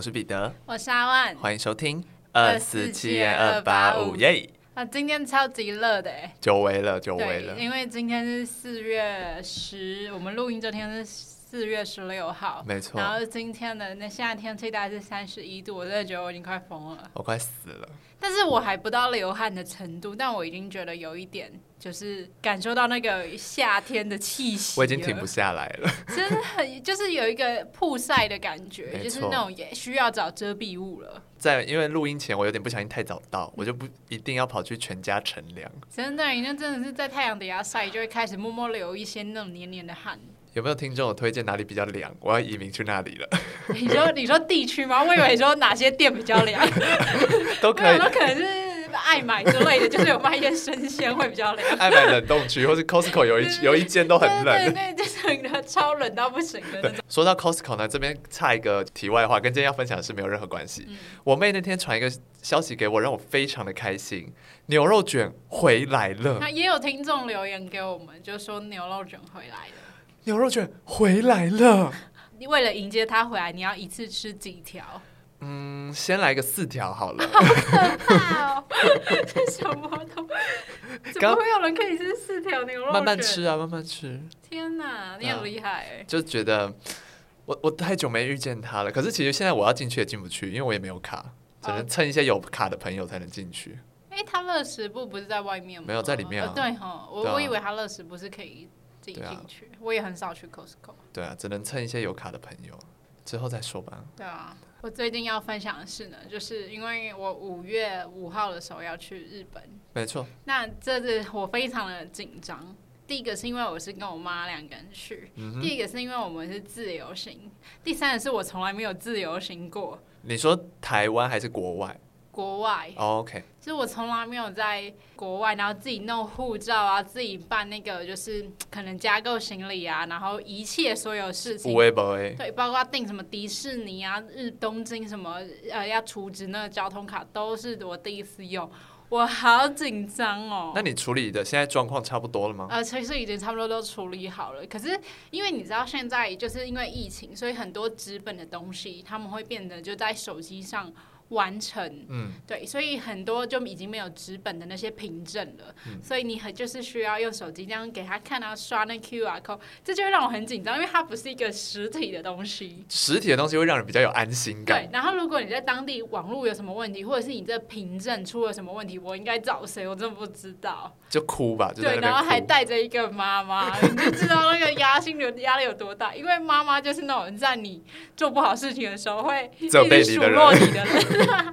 我是彼得，我是阿萬，歡迎收聽 247285, 二四七二二八五耶！啊，今天超級熱的，久違了，久違了，因為今天是四月十，我們錄音這天是。四月十六號，沒錯。然後今天的那夏天最大是三十一度，我真的覺得我已經快瘋了。我快死了。但是我還不到流汗的程度，嗯、但我已經覺得有一點，就是感受到那個夏天的氣息。我已經停不下來了，真的很就是有一個曝曬的感覺， 就是那種也需要找遮蔽物了。在因為錄音前我有點不小心太早到， 我就不一定要跑去全家乘涼。真的，那真的是在太陽底下曬，就會開始默默流一些那種黏黏的汗。有沒有聽眾推薦哪裡比較涼？我要移民去那裡了。 你說你說地區嗎？我以為你說哪些店比較涼。 都可能可能是愛買之類的， 就是有賣一些生鮮會比較涼。 愛買冷凍區，或者 Costco 有一 有一間都很冷。對對，真的、就是、超冷到不行對對。說到 Costco 呢，這邊插一個題外話，跟今天要分享的是沒有任何關係、嗯。我妹那天傳一個消息給我，讓我非常的開心，牛肉捲回來了。那也有聽眾留言給我們，就說牛肉捲回來了。牛肉卷回來了！你為了迎接他回來，你要一次吃幾條？嗯，先來個四條好了。好可怕哦，喔！這小魔頭，怎麼會有人可以吃四條牛肉卷？慢慢吃啊，慢慢吃。天吶，啊，你很厲害，欸啊！就覺得我我太久沒遇見他了。可是其實現在我要進去也進不去，因為我也沒有卡，只能蹭一些有卡的朋友才能進去。哎，okay. 欸，他樂食部不是在外面嗎？沒有在裡面啊。呃、對哈，我我以為他樂食部是可以進進去、啊，我也很少去 Costco。對啊，只能蹭一些有卡的朋友，之後再說吧。對啊，我最近要分享的事呢，就是因為我五月五號的時候要去日本。沒錯。那這次我非常的緊張，第一個是因為我是跟我媽兩個人去、嗯，第一個是因為我們是自由行，第三個是我從來沒有自由行過。你說台灣還是國外？國外、oh，OK，就是我從來沒有在國外，然後自己弄護照啊，自己辦那個就是可能加購行李啊，然後一切所有事情，有的沒的對，包括訂什麼迪士尼啊、日東京什麼，呃，要儲值那個交通卡都是我第一次用，我好緊張哦。那你處理的現在狀況差不多了嗎？呃，其實已經差不多都處理好了，可是因為你知道現在就是因為疫情，所以很多紙本的東西他們會變得就在手機上。完成，嗯，對，所以很多就已經沒有紙本的那些憑證了，嗯，所以你很就是需要用手機這樣給他看到、啊、刷那 QR code，這就會讓我很緊張，因為它不是一個實體的東西。實體的東西會讓人比較有安心感。對，然後如果你在當地網絡有什麼問題，或者是你這憑證出了什麼問題，我應該找誰？我真的不知道。就哭吧，就哭。對，然後還帶着一個媽媽， 你就知道那個壓心流壓力有多大，因為媽媽就是那種在你做不好事情的時候會一直數落你的人。哈哈哈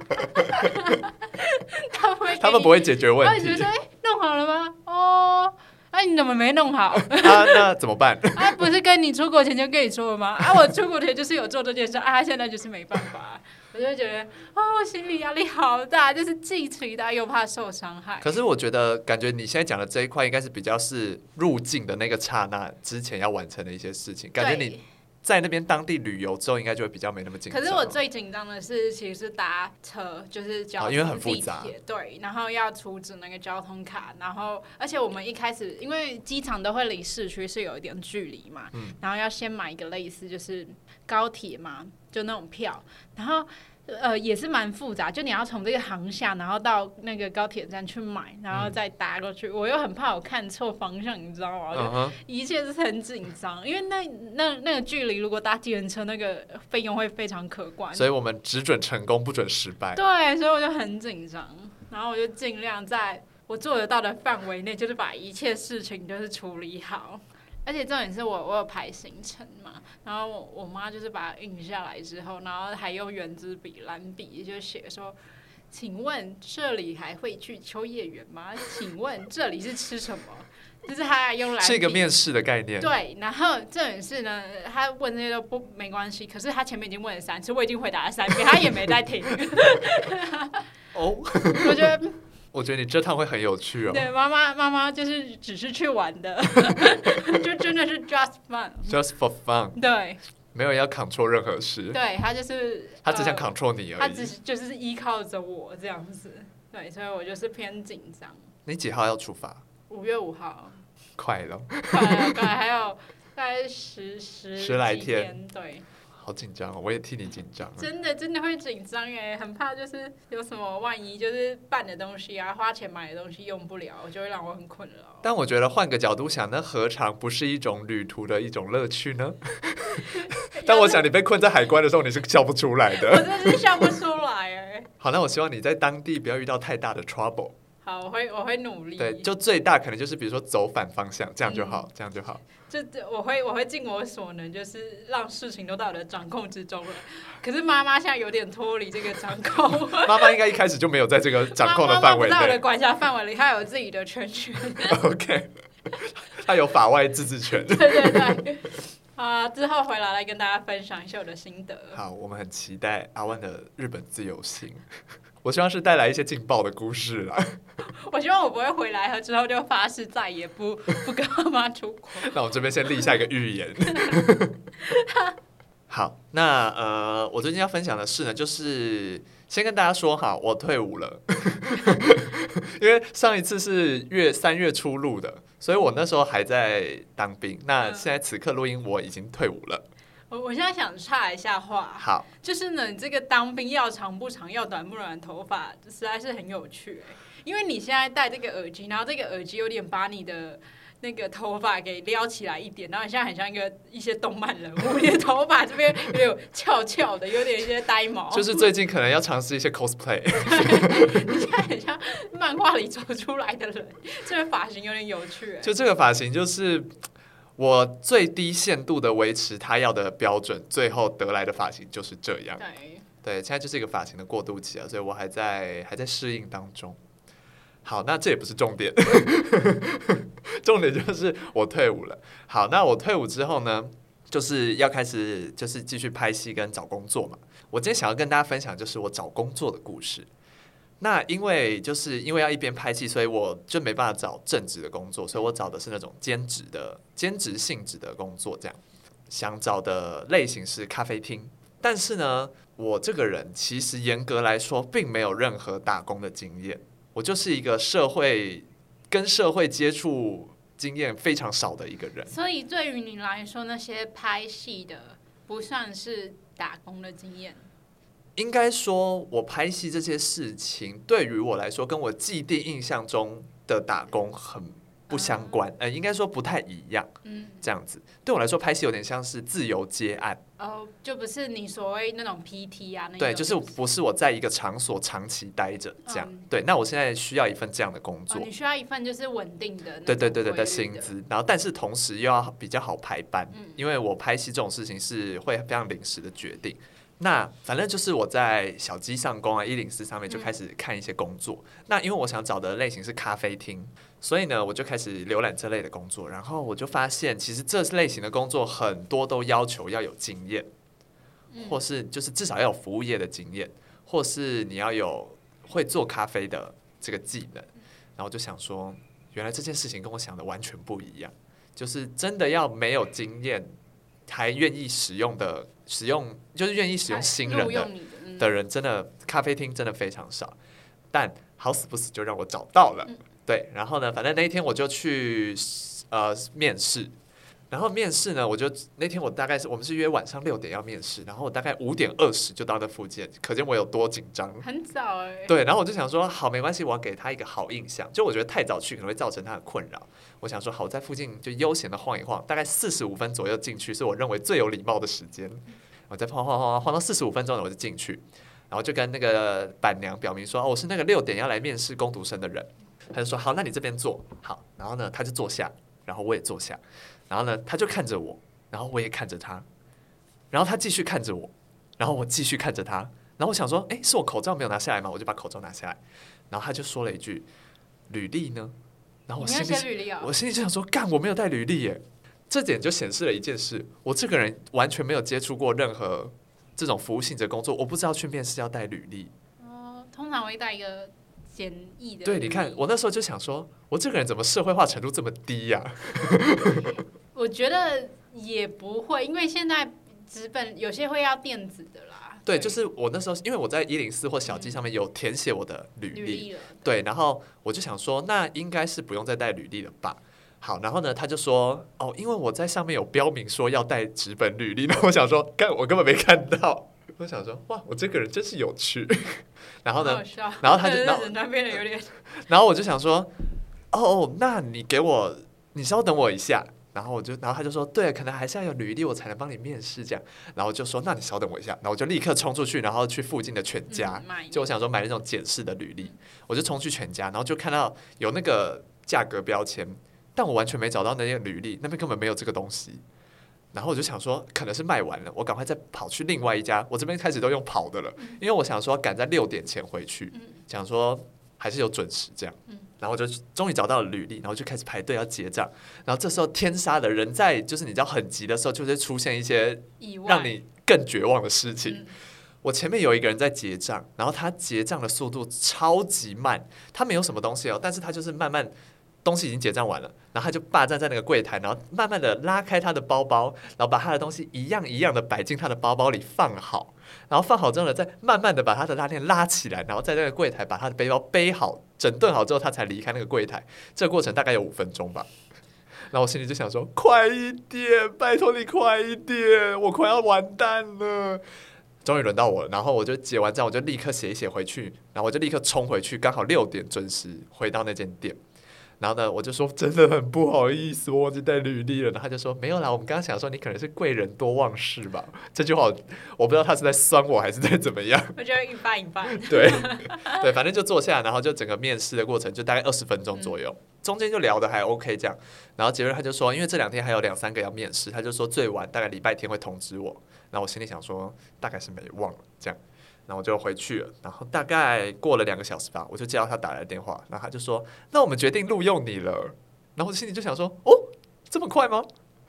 哈，他們不會解決問題。那你覺得說，哎、欸，弄好了嗎？哦，那、啊、你怎麼沒弄好？那、啊、那怎麼辦？啊，不是跟你出國前就跟你說了嗎？啊，我出國前就是有做這件事。啊，現在就是沒辦法。 我就會覺得，哦，我心理壓力好大，就是既期待又怕受傷害。可是我覺得，感覺你現在講的這一塊，應該是比較是入境的那個剎那之前要完成的一些事情。感覺你。在那邊當地旅遊之後，應該就會比較沒那麼緊張。可是我最緊張的是，其實搭車就是交通地鐵、啊、因為很複雜、對，然後要充值那個交通卡，然後而且我們一開始因為機場都會離市區是有一點距離嘛、嗯，然後要先買一個類似就是高鐵嘛，就那種票，然後。呃，也是蠻複雜，就你要從這個航廈，然後到那個高鐵站去買，然後再搭過去。嗯、我又很怕我看錯方向，你知道嗎？嗯、一切都是很緊張，因為那那那個距離，如果搭計程車，那個費用會非常可觀。所以我們只准成功，不准失敗。對，所以我就很緊張，然後我就儘量在我做得到的範圍內，就是把一切事情就是處理好。而且重點是我我有排行程嘛，然後我媽就是把它印下來之後，然後還用原子筆、藍筆就寫說：“請問這裡還會去秋葉原嗎？”“請問這裡是吃什麼？” 就是他還用藍筆。這個面試的概念。對，然後重點是呢，他問這些都不沒關係，可是他前面已經問了三次，我已經回答了三遍，他也沒在聽。哦 ，oh. 我覺得。我覺得你這趟會很有趣哦。對，媽媽媽媽就是只是去玩的， 就真的是 just fun，just for fun。對，沒有要 control 任何事。對，他就是他只想 control 你而已，呃、他只是就是依靠着我這樣子。對，所以我就是偏緊張。你幾號要出發？五月五號。 快了，快了，可 還有大概十十十來天。對。好緊張哦！我也替你緊張。真的真的會緊張哎，很怕就是有什麼萬一，就是辦的東西啊，花錢買的東西用不了，就會讓我很困擾、喔。但我覺得換個角度想，那何嘗不是一種旅途的一種樂趣呢？ 但我想你被困在海關的時候，你是笑不出來的。 我真是笑不出來哎、欸。好，那我希望你在當地不要遇到太大的 trouble。啊，我會，我會努力。對，就最大可能就是，比如說走反方向，這樣就好，嗯、這樣就好。就我會，我會盡我所能，就是讓事情都在我的掌控之中了。可是媽媽現在有點脫離這個掌控，媽媽 應該一開始就沒有在這個掌控的範圍。在我的管轄範圍裡， 她有自己的圈圈。 OK， 她有法外自治權。對對對。啊， 之後回來來跟大家分享一下我的心得。好，我們很期待阿萬的日本自由行。我希望是帶來一些勁爆的故事啦。我希望我不會回來，之後就發誓再也不不跟媽媽出國 那我這邊先立下一個預言。 好，那呃，我最近要分享的事呢，就是先跟大家說哈，我退伍了。 因為上一次是月三月初錄的，所以我那時候還在當兵。那現在此刻錄音，我已經退伍了。我我現在想插一下話，好，就是呢，你這個當兵要長不長，要短不短的頭髮實在是很有趣，欸，因為你現在戴這個耳機，然後這個耳機有點把你的那個頭髮給撩起來一點，然後你現在很像一個一些動漫人物， 你的頭髮這邊有點翹翹的，有點一些呆毛，就是最近可能要嘗試一些 cosplay， 你現在很像漫畫裡走出來的人，這個髮型有點有趣，欸，就這個髮型就是。我最低限度的維持他要的標準，最後得來的髮型就是這樣。對，對，現在就是一個髮型的過渡期啊，所以我還在還在適應當中。好，那這也不是重點， 重點就是我退伍了。好，那我退伍之後呢，就是要開始就是繼續拍戲跟找工作嘛。我今天想要跟大家分享就是我找工作的故事。那因為就是因為要一邊拍戲，所以我就沒辦法找正職的工作，所以我找的是那種兼職的兼職性質的工作。這樣想找的類型是咖啡廳，但是呢，我這個人其實嚴格來說並沒有任何打工的經驗，我就是一個社會跟社會接觸經驗非常少的一個人。所以對於你來說，那些拍戲的不算是打工的經驗。應該說，我拍戲這些事情對於我來說，跟我既定印象中的打工很不相關、uh,，呃，應該說不太一樣。嗯，這樣子、嗯、對我來說，拍戲有點像是自由接案。哦，就不是你所謂那種 PT 啊。那種對，就是不是我在一個場所長期待着這樣。Uh, 對，那我現在需要一份這樣的工作、oh,。你需要一份就是穩定的，對,對對對對的薪資、嗯，然後但是同時又要比較好排班，嗯、因為我拍戲這種事情是會非常臨時的決定。那反正就是我在小雞上工啊，一零四上面就開始看一些工作，嗯。嗯、那因為我想找的類型是咖啡廳，所以呢，我就開始瀏覽這類的工作。然後我就發現，其實這類型的工作很多都要求要有經驗，或是就是至少要有服務業的經驗，或是你要有會做咖啡的這個技能。然後我就想說，原來這件事情跟我想的完全不一樣，就是真的要沒有經驗。還願意使用的、使用就是願意使用新人的、啊的，嗯、的人，真的咖啡廳真的非常少，但好死不死就讓我找到了，嗯、對，然後呢，反正那一天我就去呃面試。然後面試呢，我就那天我大概是我們是約晚上六點要面試，然後我大概五點二十就到那附近，可見我有多緊張。很早欸。對，然後我就想說，好，沒關係，我要給他一個好印象。就我覺得太早去可能會造成他的困擾。我想說，好，在附近就悠閒地晃一晃，大概四十五分左右進去，是我認為最有禮貌的時間。 我在晃晃晃晃到四十五分鐘了，我就進去，然後就跟那個板娘表明說，哦，我是那個六點要來面試工讀生的人。他就說，好，那你這邊坐好。然後呢，他就坐下，然後我也坐下。然後呢，他就看着我，然後我也看着他，然後他繼續看着我，然後我繼續看着他，然後我想說，哎、欸，是我口罩沒有拿下來嗎？我就把口罩拿下來，然後他就說了一句：“履歷呢？”然後我心裡履歷、啊，我心裡就想說，幹，我沒有帶履歷耶，這點就顯示了一件事，我這個人完全沒有接觸過任何這種服務性質的工作，我不知道去面試要帶履歷。哦、呃，通常我會帶一個簡易的。對，你看，我那時候就想說，我這個人怎麼社會化程度這麼低呀、啊？ 我覺得也不會，因為現在紙本有些會要電子的啦，對。對，就是我那時候，因為我在一零四或小雞上面有填寫我的履歷，對，然後我就想說，那應該是不用再帶履歷了吧？好，然後呢，他就說，哦，因為我在上面有標明說要帶紙本履歷，那我想說，看我根本沒看到，我想說，哇，我這個人真是有趣。 然後呢，然後他就，到那邊有點， 然後我就想說，哦，那你給我，你稍等我一下。然後我就，然後他就說，對，可能還是要有履歷，我才能幫你面試這樣。然後就說，那你稍等我一下。然後我就立刻衝出去，然後去附近的全家，就我想說買那種簡式的履歷。我就衝去全家，然後就看到有那個價格標籤，但我完全沒找到那些履歷，那邊根本沒有這個東西。然後我就想說，可能是賣完了，我趕快再跑去另外一家。我這邊開始都用跑的了，因為我想說趕在六點前回去，想說。還是有準時這樣，然後就終於找到了履歷，然後就開始排隊要結賬，然後這時候天殺的，人在就是你知道很急的時候，就會出現一些讓你更絕望的事情。嗯、我前面有一個人在結賬，然後他結賬的速度超級慢，他沒有什麼東西哦、喔，但是他就是慢慢。東西已經結賬完了，然後他就霸占在那個櫃檯，然後慢慢的拉開他的包包，然後把他的東西一樣一樣的擺進他的包包裡放好，然後放好之後呢，再慢慢的把他的拉鏈拉起來，然後在那個櫃檯把他的背包背好，整頓好之後他才離開那個櫃檯。這個過程大概有五分鐘吧。 然後我心裡就想說： 快一點，拜託你快一點，我快要完蛋了。終於輪到我了，然後我就結完賬，我就立刻寫一寫回去，然後我就立刻衝回去，剛好六點準時回到那間店。然後呢，我就說真的很不好意思，我忘記帶履歷了。然後他就說沒有啦，我們剛剛想說你可能是貴人多忘事吧。這句話我不知道他是在酸我還是在怎麼樣。我覺得一半一半 對對，反正就坐下，然後就整個面試的過程就大概二十分鐘左右，嗯、中間就聊得還 OK 這樣。然後傑瑞他就說，因為這兩天還有兩三個要面試，他就說最晚大概禮拜天會通知我。然後我心裡想說大概是沒忘了這樣。那我就回去了，然後大概過了兩個小時吧，我就接到他打來的電話，然後他就說：“那我們決定錄用你了。”然後我心裡就想說：“哦，這麼快嗎？”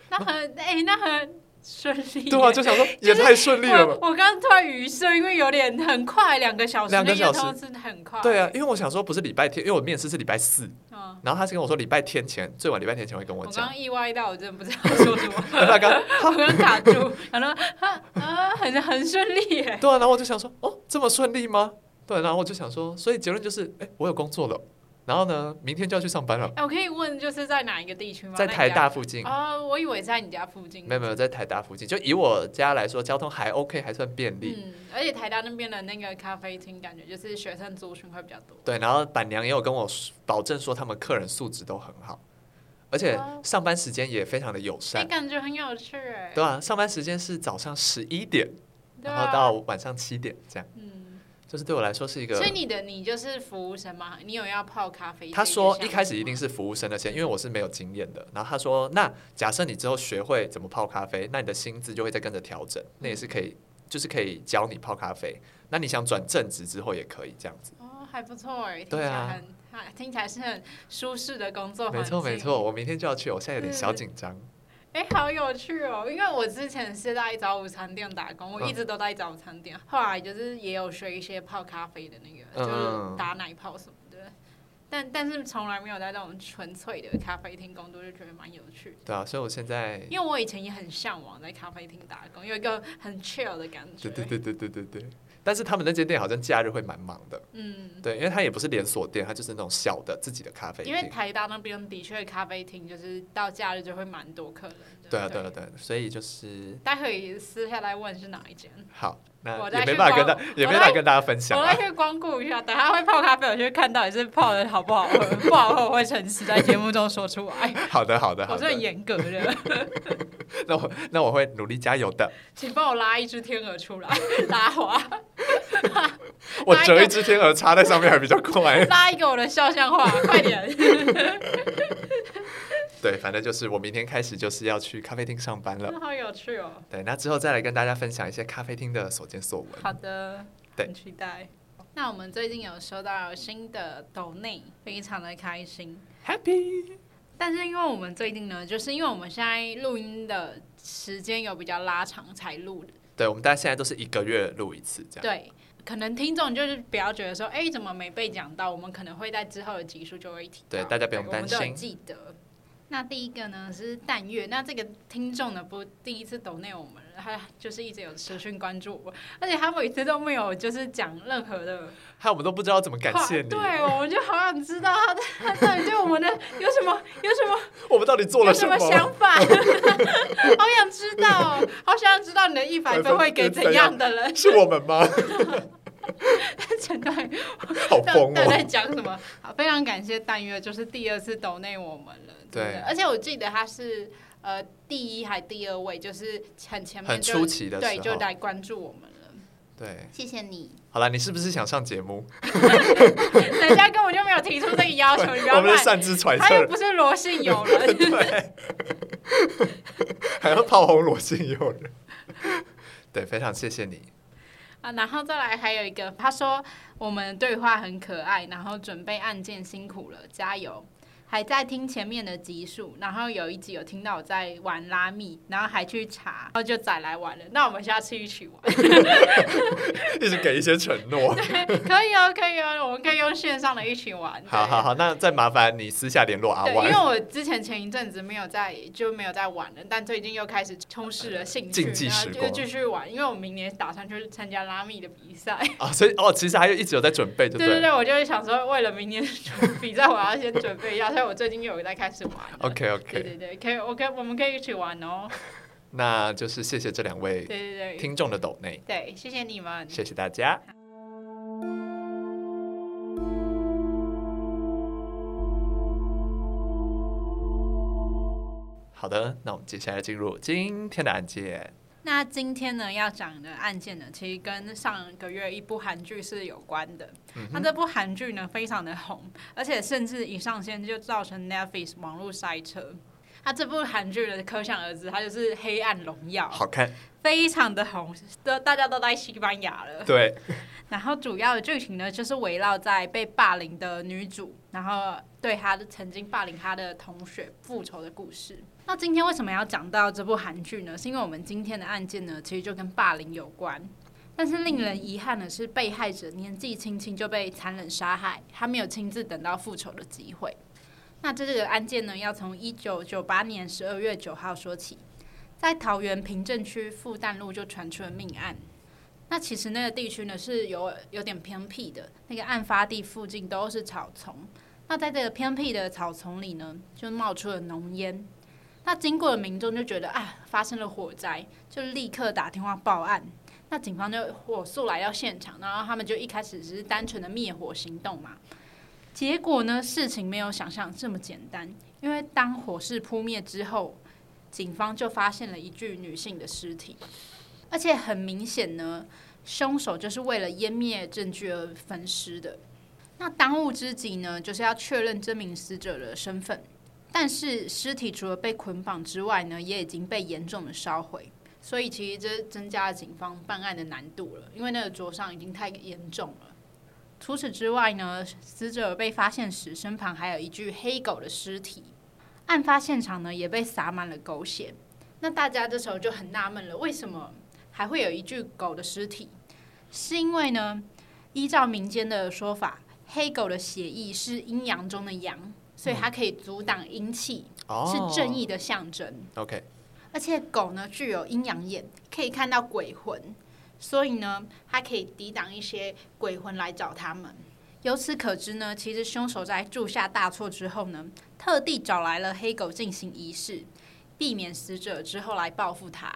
那很哎、欸，那很。順利、欸、對啊，就想說也太順利了吧 我。我剛剛突然語塞，因為有點很快，兩個小時，兩個小時真的很快的。對啊，因為我想說不是禮拜天，因為我面試是禮拜四、嗯。然後他是跟我說禮拜天前，最晚禮拜天前會跟我講。我剛意外到，我真的不知道說什麼。他剛剛他剛卡住，然後他 啊很很順利耶、欸。對啊，然後我就想說，哦，這麼順利嗎？對，然後我就想說，所以結論就是哎、欸、我有工作了。然後呢，明天就要去上班了。哎，我可以問，就是在哪一個地區嗎？在台大附近。哦、oh，我以為在你家附近。沒有沒有，在台大附近。就以我家來說，嗯、交通還 OK，還算便利，嗯。而且台大那邊的那個咖啡廳，感覺就是學生族群會比較多。對，然後板娘也有跟我保證說，他們客人素質都很好，而且上班時間也非常的友善。你、啊、感覺很有趣哎，欸。對啊，上班時間是早上十一點，啊，然後到晚上七點這樣。嗯。就是對我來說是一個，所以你的你就是服務生嗎？你有要泡咖啡？他說一開始一定是服務生的錢，因為我是沒有經驗的。然後他說，那假設你之後學會怎麼泡咖啡，那你的薪資就會再跟着調整。那也是可以、嗯，就是可以教你泡咖啡。那你想轉正職之後也可以這樣子。哦，還不錯哎、欸，對啊，聽起來是很舒適的工作環境。沒錯沒錯，我明天就要去，我現在有點小緊張。哎、欸，好有趣哦！因為我之前是在一家早午餐店打工，我一直都在一家早餐店、嗯，後來就是也有學一些泡咖啡的那個，嗯、就是打奶泡什麼的，但但是從來沒有在那種純粹的咖啡廳工作，就覺得蠻有趣的。對啊，所以我現在因為我以前也很向往在咖啡廳打工，有一個很 chill 的感覺。對對對對對對對。但是他們那間店好像假日會蠻忙的，嗯，對，因為它也不是連鎖店，嗯，它就是那種小的自己的咖啡店，因為台大那邊的確咖啡廳就是到假日就會蠻多客人。對啊，對啊，對，對，所以就是大家可以私下來問是哪一間。好，那也沒辦法跟大也沒辦法跟大家分享啊。我可以光顧一下，等下會泡咖啡，我就看到你是泡的好不好喝， 不好喝我會誠實在節目中說出來。好的，好的，好的，是很嚴格的。 那我那我會努力加油的。 請幫我拉一隻天鵝出來，拉花 。我折一隻天鵝插在上面還比較快。 拉一個我的肖像畫，快點。 對，反正就是我明天開始就是要去咖啡廳上班了，真的好有趣哦！對，那之後再來跟大家分享一些咖啡廳的所見所聞。好的，對，很期待。那我們最近有收到新的抖內，非常的開心，Happy！但是因為我們最近呢，就是因為我們現在錄音的時間有比較拉長，才錄的。對，我們大家現在都是一個月錄一次，這樣。對，可能聽眾就是比較覺得說，哎、欸，怎麼沒被講到？我們可能會在之後的集數就會提。對，大家不用擔心，記得。那第一個呢是但月，那這個聽眾呢不第一次抖內我們，他就是一直有持續關注我，而且他每次都沒有就是講任何的，害我們都不知道怎麼感謝你，對，我們就好想知道他，他到底對我們的 有什麼有什麼，我們到底做了什麼，什麼想法， 好想知道，好想知道你的一百分會給怎樣的人， 是我們嗎？ 在好瘋，講在講什麼？好，非常感謝但月，就是第二次抖內我們了。對，而且我記得他是呃第一還第二位，就是很前面就很出奇的對，就來關注我們了。對，謝謝你。好了，你是不是想上節目？人 家 根本就沒有提出這個要求， 你知道嗎？不是擅自揣測。他又不是羅姓友人。 對， 還要炮轟羅姓友人。 對，非常謝謝你。啊，然後再來還有一個，他說我們對話很可愛，然後準備案件辛苦了，加油。還在聽前面的集數，然後有一集有聽到我在玩拉密，然後還去查，然後就載來玩了。那我們下次一起玩， 一直給一些承諾，對，可以啊，可以啊，我們可以用線上的一起玩。好好好，那再麻煩你私下聯絡阿萬，因為我之前前一陣子沒有在，就沒有在玩了，但最近又開始充實了興趣啊， 然後就繼續玩。因為我明年打算去參加拉密的比賽啊、哦，所以哦，其實還一直有在準備對，對對對，我就是想說，為了明年比賽，我要先準備一下。 我最近有在開始玩。OK OK。 對對，可以 okay，OK，我們可以一起玩哦。 那就是謝謝這兩位對對聽眾的抖內。 對，謝謝你們。 謝謝大家。好的，那我們接下來進入今天的案件。那今天呢要講的案件呢，其實跟上個月一部韓劇是有關的。那、嗯、這部韓劇呢非常的紅，而且甚至一上線就造成 Netflix 網絡塞車。那這部韓劇呢，可想而知，它就是《黑暗榮耀》，好看，非常的紅，都大家都在西班牙了。對。然後主要的劇情呢，就是圍繞在被霸凌的女主，然後對她的曾經霸凌她的同學復仇的故事。那今天為什麼要講到這部韓劇呢？是因為我們今天的案件呢，其實就跟霸凌有關。但是令人遺憾的是，被害者年紀輕輕就被殘忍殺害，他沒有親自等到復仇的機會。那這個案件呢，要從一九九八年十二月九號說起，在桃園平鎮區復旦路就傳出了命案。那其實那個地區呢，是有有點偏僻的，那個案發地附近都是草叢。那在這個偏僻的草叢裡呢，就冒出了濃煙。那經過的民眾就覺得，啊，發生了火災，就立刻打電話報案。那警方就火速來到現場，然後他們就一開始只是單純的滅火行動嘛。結果呢，事情沒有想象這麼簡單，因為當火勢撲滅之後，警方就發現了一具女性的屍體，而且很明顯呢，凶手就是為了湮滅證據而焚屍的。那當務之急呢，就是要確認這名死者的身份。但是屍體除了被捆綁之外呢，也已經被嚴重的燒毀，所以其實這增加了警方辦案的難度了，因為那個灼傷已經太嚴重了。除此之外呢，死者被發現時身旁還有一具黑狗的屍體，案發現場呢也被灑滿了狗血。那大家這時候就很納悶了，為什麼還會有一具狗的屍體？是因為呢，依照民間的說法，黑狗的血液是陰陽中的陽。所以它可以阻擋陰氣，是正義的象徵。哦，okay。而且狗呢具有陰陽眼，可以看到鬼魂，所以呢它可以抵擋一些鬼魂來找他們。由此可知呢，其實兇手在鑄下大錯之後呢，特地找來了黑狗進行儀式，避免死者之後來報復他。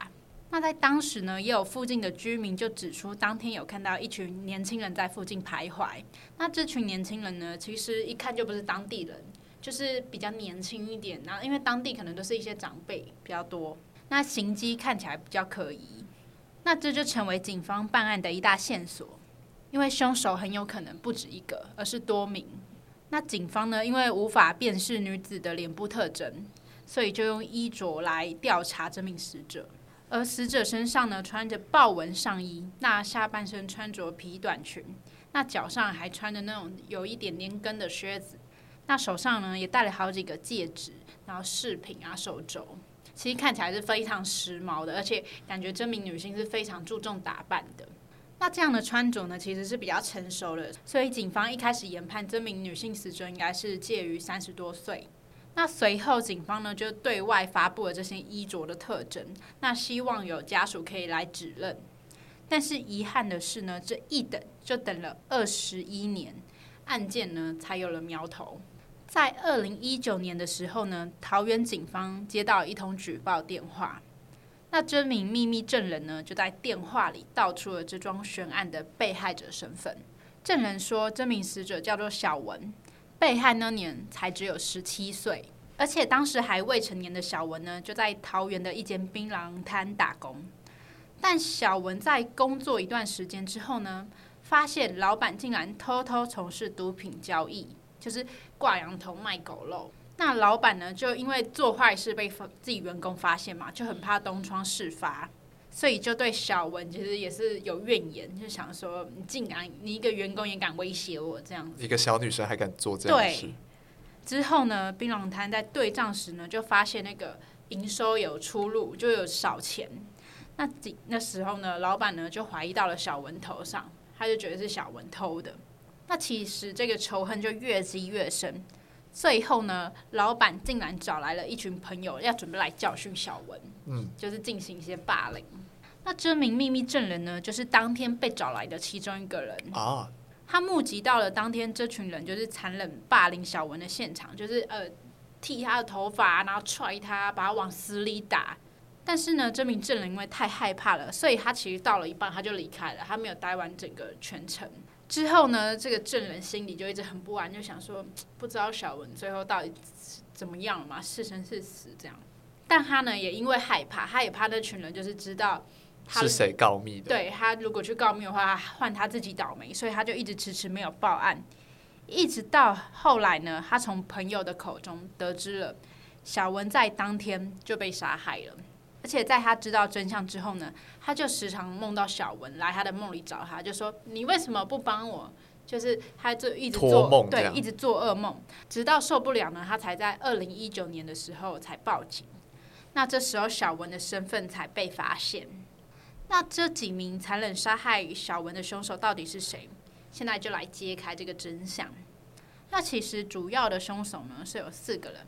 那在當時呢，也有附近的居民就指出，當天有看到一群年輕人在附近徘徊。那這群年輕人呢，其實一看就不是當地人。就是比較年輕一點啊，然後因為當地可能都是一些長輩比較多，那行跡看起來比較可疑，那這就成為警方辦案的一大線索。因為兇手很有可能不止一個，而是多名。那警方呢，因為無法辨識女子的臉部特徵，所以就用衣着來調查這名死者。而死者身上呢，穿着豹紋上衣，那下半身穿着皮短裙，那腳上還穿着那種有一點點跟的靴子。那手上呢，也戴了好幾個戒指，然後飾品啊、手鐲，其實看起來是非常時髦的，而且感覺這名女性是非常注重打扮的。那這樣的穿着呢，其實是比較成熟了，所以警方一開始研判這名女性死者應該是介於三十多歲。那隨後警方呢，就對外發布了這些衣着的特徵，那希望有家屬可以來指認。但是遺憾的是呢，這一等就等了二十一年，案件呢才有了苗頭。在二零一九年的時候呢，桃園警方接到一通舉報電話，那這名秘密證人呢就在電話裡道出了這樁懸案的被害者身份。證人說，這名死者叫做小文，被害那年才只有十七歲，而且當時還未成年的小文呢，就在桃園的一間檳榔攤打工。但小文在工作一段時間之後呢，發現老闆竟然偷偷從事毒品交易。就是掛羊頭賣狗肉，那老闆呢，就因為做壞事被自己員工發現嘛，就很怕東窗事發，所以就對小文其實也是有怨言，就想說你竟敢，你一個員工也敢威脅我這樣子。一個小女生還敢做這樣事。對。之後呢，檳榔攤在對賬時呢，就發現那個營收有出入，就有少錢。那那時候呢，老闆呢就懷疑到了小文頭上，他就覺得是小文偷的。那其實這個仇恨就越積越深，最後呢，老闆竟然找來了一群朋友，要準備來教訓小文，嗯，就是進行一些霸凌。那這名秘密證人呢，就是當天被找來的其中一個人啊，他目擊到了當天這群人就是殘忍霸凌小文的現場，就是呃，剃他的頭髮，然後踹他，把他往死裡打。但是呢，這名證人因為太害怕了，所以他其實到了一半他就離開了，他沒有待完整個全程。之後呢，這個證人心裡就一直很不安，就想說不知道小文最後到底怎麼樣嘛，是生是死這樣。但他呢也因為害怕，他也怕那群人就是知道他是誰告密的。對，他如果去告密的話，換他，他自己倒霉，所以他就一直遲遲沒有報案。一直到後來呢，他從朋友的口中得知了小文在當天就被殺害了。而且在他知道真相之後呢，他就時常夢到小文來他的夢裡找他，就說你為什麼不幫我？就是他就一直做夢，對，一直做噩夢，直到受不了呢，他才在二零一九年的時候才報警。那這時候小文的身份才被發現。那這幾名殘忍殺害小文的兇手到底是誰？現在就來揭開這個真相。那其實主要的兇手呢是有四個人。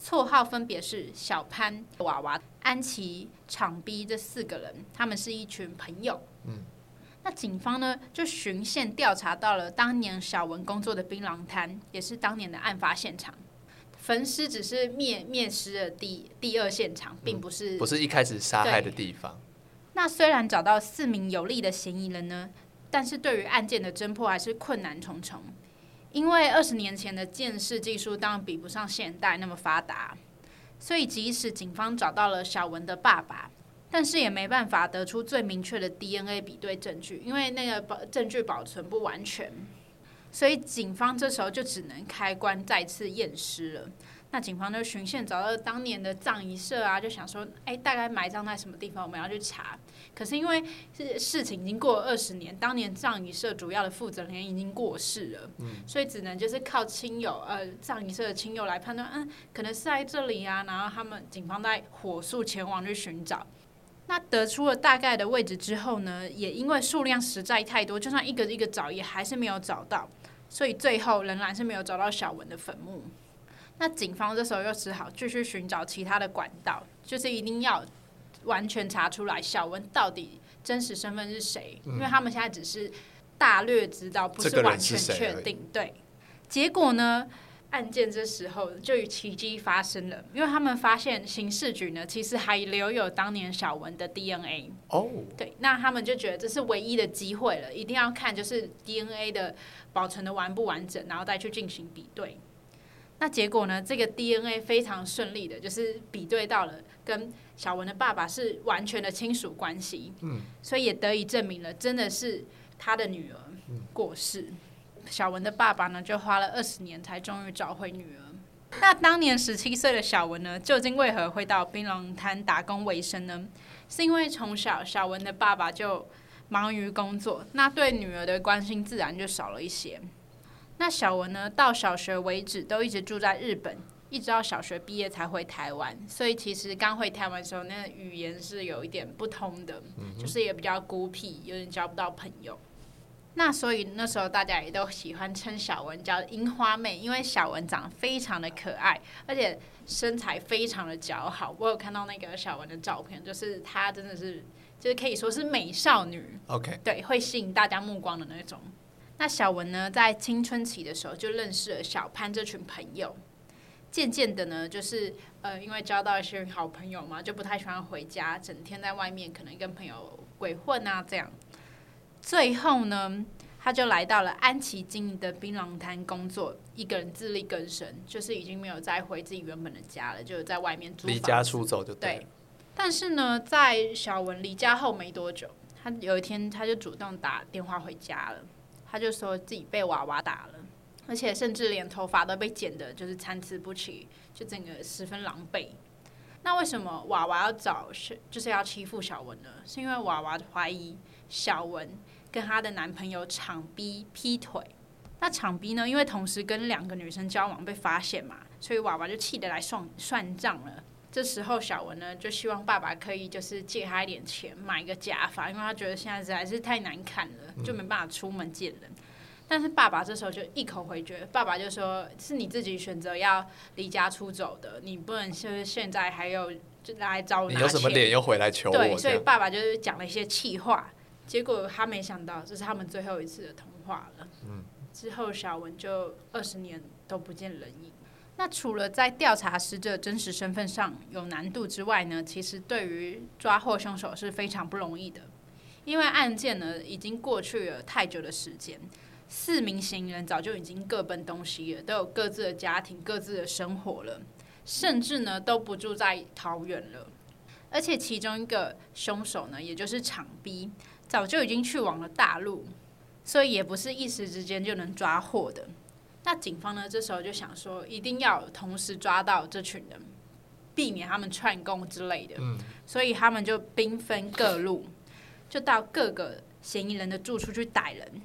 綽號分別是小潘、娃娃、安琪、場逼這四個人，他們是一群朋友。嗯，那警方呢就循線調查到了當年小文工作的檳榔攤，也是當年的案發現場。焚屍只是滅滅屍的第第二現場，並不是、嗯、不是一開始殺害的地方。那雖然找到四名有力的嫌疑人呢，但是對於案件的偵破還是困難重重。因為二十年前的鑑識技術當然比不上現代那麼發達，所以即使警方找到了小文的爸爸，但是也沒辦法得出最明確的 DNA 比對證據，因為那個保證據保存不完全，所以警方這時候就只能開棺再次驗屍了。那警方就循線找到當年的葬儀社啊，就想說，哎、欸，大概埋葬在什麼地方，我們要去查。可是因為事情已經過了二十年，當年葬儀社主要的負責人已經過世了，嗯，所以只能就是靠親友，呃，葬儀社的親友來判斷，嗯，可能是在這裡啊，然後他們警方在火速前往去尋找。那得出了大概的位置之後呢，也因為數量實在太多，就算一個一個找，也還是沒有找到，所以最後仍然是沒有找到小文的墳墓。那警方這時候又只好繼續尋找其他的管道，就是一定要。完全查出來小文到底真實身份是誰，嗯？因為他們現在只是大略知道，不是完全確定，這個。對，結果呢，案件這時候就有奇蹟發生了，因為他們發現刑事局呢其實還留有當年小文的 DNA。哦。對，那他們就覺得這是唯一的機會了，一定要看就是 DNA 的保存的完不完整，然後再去進行比對。那結果呢？這個 DNA 非常順利的，就是比對到了跟小文的爸爸是完全的親屬關係，所以也得以證明了，真的是他的女兒過世。小文的爸爸呢，就花了二十年才終於找回女兒。那當年十七歲的小文呢，究竟為何會到檳榔攤打工為生呢？是因為從小小文的爸爸就忙於工作，那對女兒的關心自然就少了一些。那小文呢？到小學為止都一直住在日本，一直到小學畢業才回台灣。所以其實剛回台灣的時候，那個語言是有一點不通的。嗯，就是也比較孤僻，有點交不到朋友。那所以那時候大家也都喜歡稱小文叫“櫻花妹”，因為小文長得非常的可愛，而且身材非常的姣好。我有看到那個小文的照片，就是她真的是，就是可以說是美少女。Okay. 對，會吸引大家目光的那種。那小文呢，在青春期的時候就認識了小潘這群朋友。漸漸的呢，就是呃，因為交到一些好朋友嘛，就不太喜歡回家，整天在外面可能跟朋友鬼混啊，這樣。最後呢，他就來到了安琪經營的檳榔攤工作，一個人自力更生，就是已經沒有再回自己原本的家了，就在外面租房。離家出走就對了。對。但是呢，在小文離家後沒多久，他有一天他就主動打電話回家了。他就說自己被娃娃打了，而且甚至連頭髮都被剪得，就是參差不齊，就整個十分狼狽。那為什麼娃娃要找是就是要欺負小文呢？是因為娃娃懷疑小文跟她的男朋友長逼劈腿。那長逼呢，因為同時跟兩個女生交往被發現嘛，所以娃娃就氣得來算算賬了。這時候，小文呢就希望爸爸可以就是借他一點錢買個假髮，因為他覺得現在實在是太難看了，就沒辦法出門見人。嗯。但是爸爸這時候就一口回絕，爸爸就說：“是你自己選擇要離家出走的，你不能就是現在還有就來找我拿錢。”你有什麼臉又回來求我？對，所以爸爸就是講了一些氣話。結果他沒想到，這是他們最後一次的通話了。嗯，之後小文就二十年都不見人影。那除了在調查死者真實身份上有難度之外呢，其實對於抓獲凶手是非常不容易的，因為案件呢已經過去了太久的時間，四名嫌疑人早就已經各奔東西了，都有各自的家庭、各自的生活了，甚至呢都不住在桃園了，而且其中一個凶手呢，也就是場逼，早就已經去往了大陸，所以也不是一時之間就能抓獲的。那警方呢，這時候就想說，一定要同時抓到這群人，避免他們串供之類的。嗯，所以他們就兵分各路，就到各個嫌疑人的住處去逮人。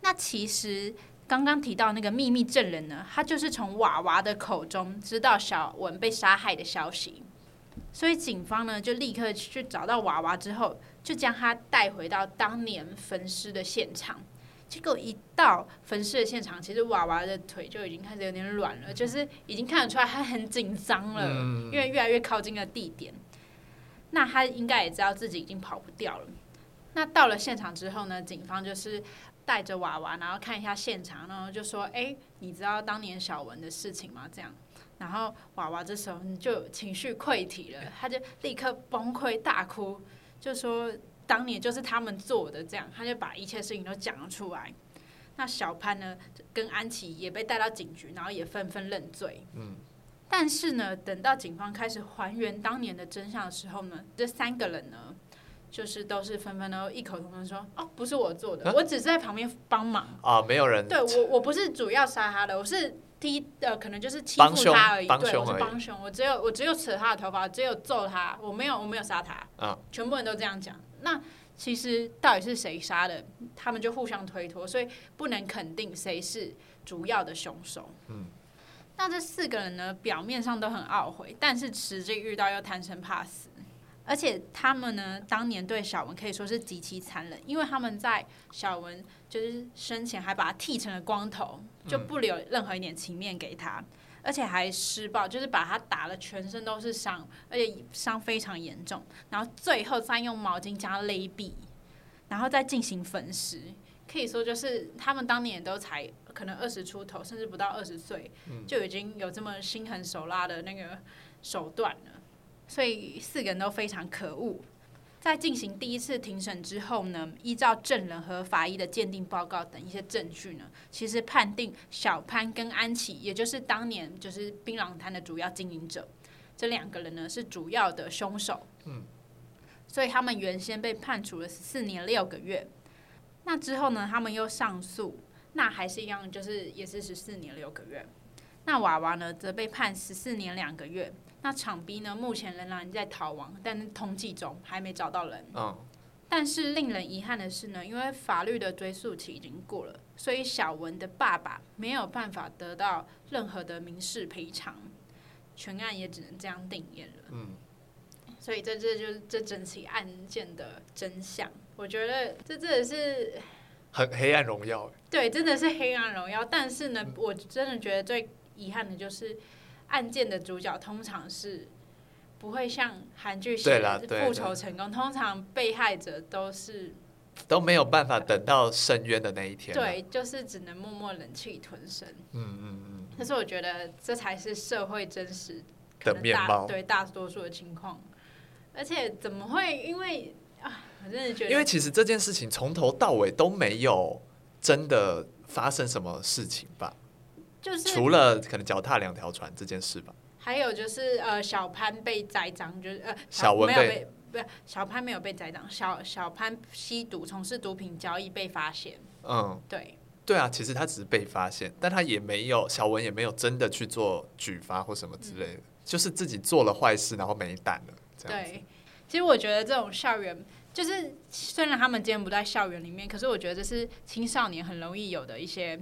那其實剛剛提到那個秘密證人呢，他就是從娃娃的口中知道小文被殺害的消息，所以警方呢就立刻去找到娃娃，之後就將他帶回到當年焚屍的現場。結果一到焚屍的現場，其實娃娃的腿就已經開始有點軟了，就是已經看得出來他很緊張了，因為越來越靠近了地點。那他應該也知道自己已經跑不掉了。那到了現場之後呢，警方就是帶着娃娃，然後看一下現場，然後就說：“哎，你知道當年小文的事情嗎？”這樣，然後娃娃這時候你就情緒潰堤了，他就立刻崩潰大哭，就說。當年就是他們做的，這樣他就把一切事情都講了出來。那小潘呢，跟安琪也被帶到警局，然後也紛紛認罪。嗯，但是呢，等到警方開始還原當年的真相的時候呢，這三個人呢，就是都是紛紛都異口同聲說：“哦，不是我做的，嗯、我只是在旁邊幫忙啊，沒有人對我，我不是主要殺他的，我是踢，呃，可能就是欺負他而已。對，對，我是幫凶，凶，我只有我只有扯他的頭髮，只有揍他，我沒有我沒有殺他啊，全部人都這樣講。”那其實到底是誰殺的？他們就互相推脫，所以不能肯定誰是主要的凶手。嗯，那這四個人呢，表面上都很懊悔，但是實際遇到又貪生怕死，而且他們呢，當年對小文可以說是極其殘忍，因為他們在小文就是生前還把他剃成了光頭，就不留任何一點情面給他。嗯而且還施暴，就是把他打得全身都是傷，而且傷非常嚴重。然後最後再用毛巾加勒斃，然後再進行焚屍。可以說，就是他們當年都才可能二十出頭，甚至不到二十歲，就已經有這麼心狠手辣的那個手段了。所以四個人都非常可惡。在進行第一次庭審之後呢，依照證人和法醫的鑑定報告等一些證據呢，其實判定小潘跟安琪，也就是當年就是檳榔攤的主要經營者，這兩個人呢是主要的兇手。嗯，所以他們原先被判處了十四年六個月。那之後呢，他們又上訴，那還是一樣，就是也是十四年六個月。那娃娃呢，則被判十四年兩個月。那場逼呢，目前仍然在逃亡，但是通緝中，還沒找到人。嗯。但是令人遺憾的是呢，因為法律的追訴期已經過了，所以小文的爸爸沒有辦法得到任何的民事賠償，全案也只能這樣定讞了。嗯。所以這這就是這整起案件的真相。我覺得這真的是很黑暗榮耀、欸。對，真的是黑暗榮耀。但是呢，我真的覺得最遺憾的就是，案件的主角通常是不會像韓劇寫的復仇成功，通常被害者都是都沒有辦法等到伸冤的那一天，對，就是只能默默忍氣吞聲。嗯嗯嗯。但是我覺得這才是社會真實的面貌，對大多數的情況，而且怎麼會因為啊？我真的覺得，因為其實這件事情從頭到尾都沒有真的發生什麼事情吧。就是、除了可能腳踏兩條船這件事吧，還有就是呃，小潘被栽贓，就是呃小，小文被，沒有被不是小潘沒有被栽贓，小小潘吸毒從事毒品交易被發現，嗯，對，對啊，其實他只是被發現，但他也沒有小文也沒有真的去做舉發或什麼之類的，嗯、就是自己做了壞事然後沒膽了這樣子。對，其實我覺得這種校園，就是雖然他們今天不在校園裡面，可是我覺得這是青少年很容易有的一些。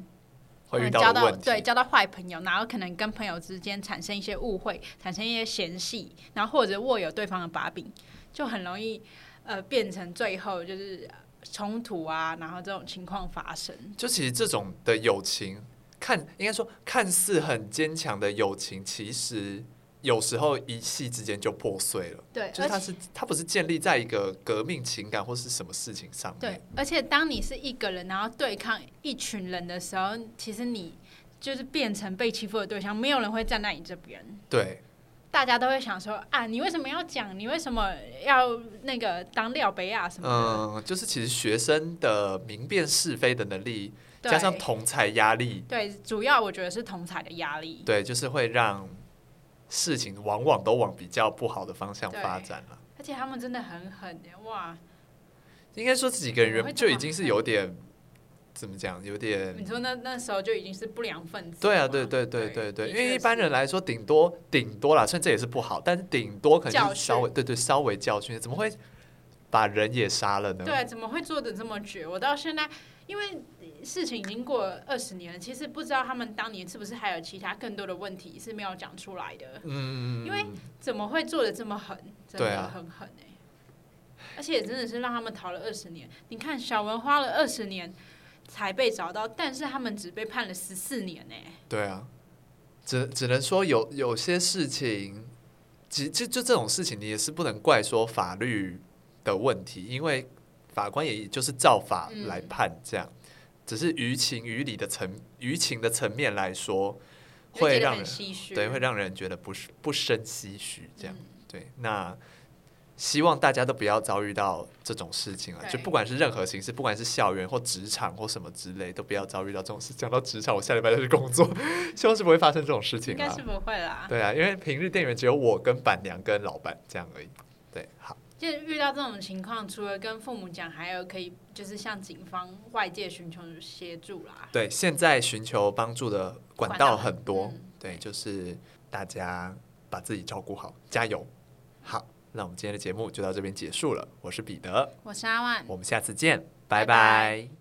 交到，會遇到問題。對，交到壞朋友，然後可能跟朋友之間產生一些誤會，產生一些嫌隙，然後或者握有對方的把柄，就很容易呃變成最後就是衝突啊，然後這種情況發生。就其實這種的友情，看應該說看似很堅強的友情，其實。有時候一夕之間就破碎了，對，就是它是它不是建立在一個革命情感或是什麼事情上面。對，而且當你是一個人，然後對抗一群人的時候，其實你就是變成被欺負的對象，沒有人會站在你這邊。對，大家都會想說啊，你為什麼要講？你為什麼要那個當料杯啊？什麼的？嗯，就是其實學生的明辨是非的能力，對，加上同儕壓力，對，對，主要我覺得是同儕的壓力，對，就是會讓。事情往往都往比較不好的方向發展了，而且他們真的很狠，哇，應該說這幾個人原本就已經是有點，怎麼講，有點，你說那那時候就已經是不良分子，對啊，對對對對對,對，因為一般人來說頂多頂多了，甚至也是不好，但是頂多可能就稍微，對對，稍微教訓，怎麼會把人也殺了呢？對，怎麼會做的這麼絕？我到現在因為。事情已經過了二十年了，其實不知道他們當年是不是還有其他更多的問題是沒有講出來的、嗯。因為怎麼會做的這麼狠，真的很狠、欸。對啊、而且真的是讓他們逃了二十年。你看，小文花了二十年才被找到，但是他們只被判了十四年呢、欸。對啊，只只能說有有些事情，就就這種事情，你也是不能怪說法律的問題，因為法官也就是照法來判這樣。嗯只是於情於理的層，於情的層面來說，會讓人唏噓，對，會讓人覺得不不勝唏噓，這樣、嗯、對。那希望大家都不要遭遇到這種事情了、啊，就不管是任何形式，不管是校園或職場或什麼之類，都不要遭遇到這種事。講到職場，我下禮拜就去工作， 希望是不會發生這種事情、啊，應該是不會啦。對啊，因為平日店員只有我跟板娘跟老板這樣而已。對，好。就遇到這種情況，除了跟父母講，還有可以就是向警方、外界尋求協助啦。對，現在尋求幫助的管道很多，管道的、嗯，對，就是大家把自己照顧好，加油。好，那我們今天的節目就到這邊結束了。我是彼得，我是阿萬，我們下次見，拜拜。拜拜。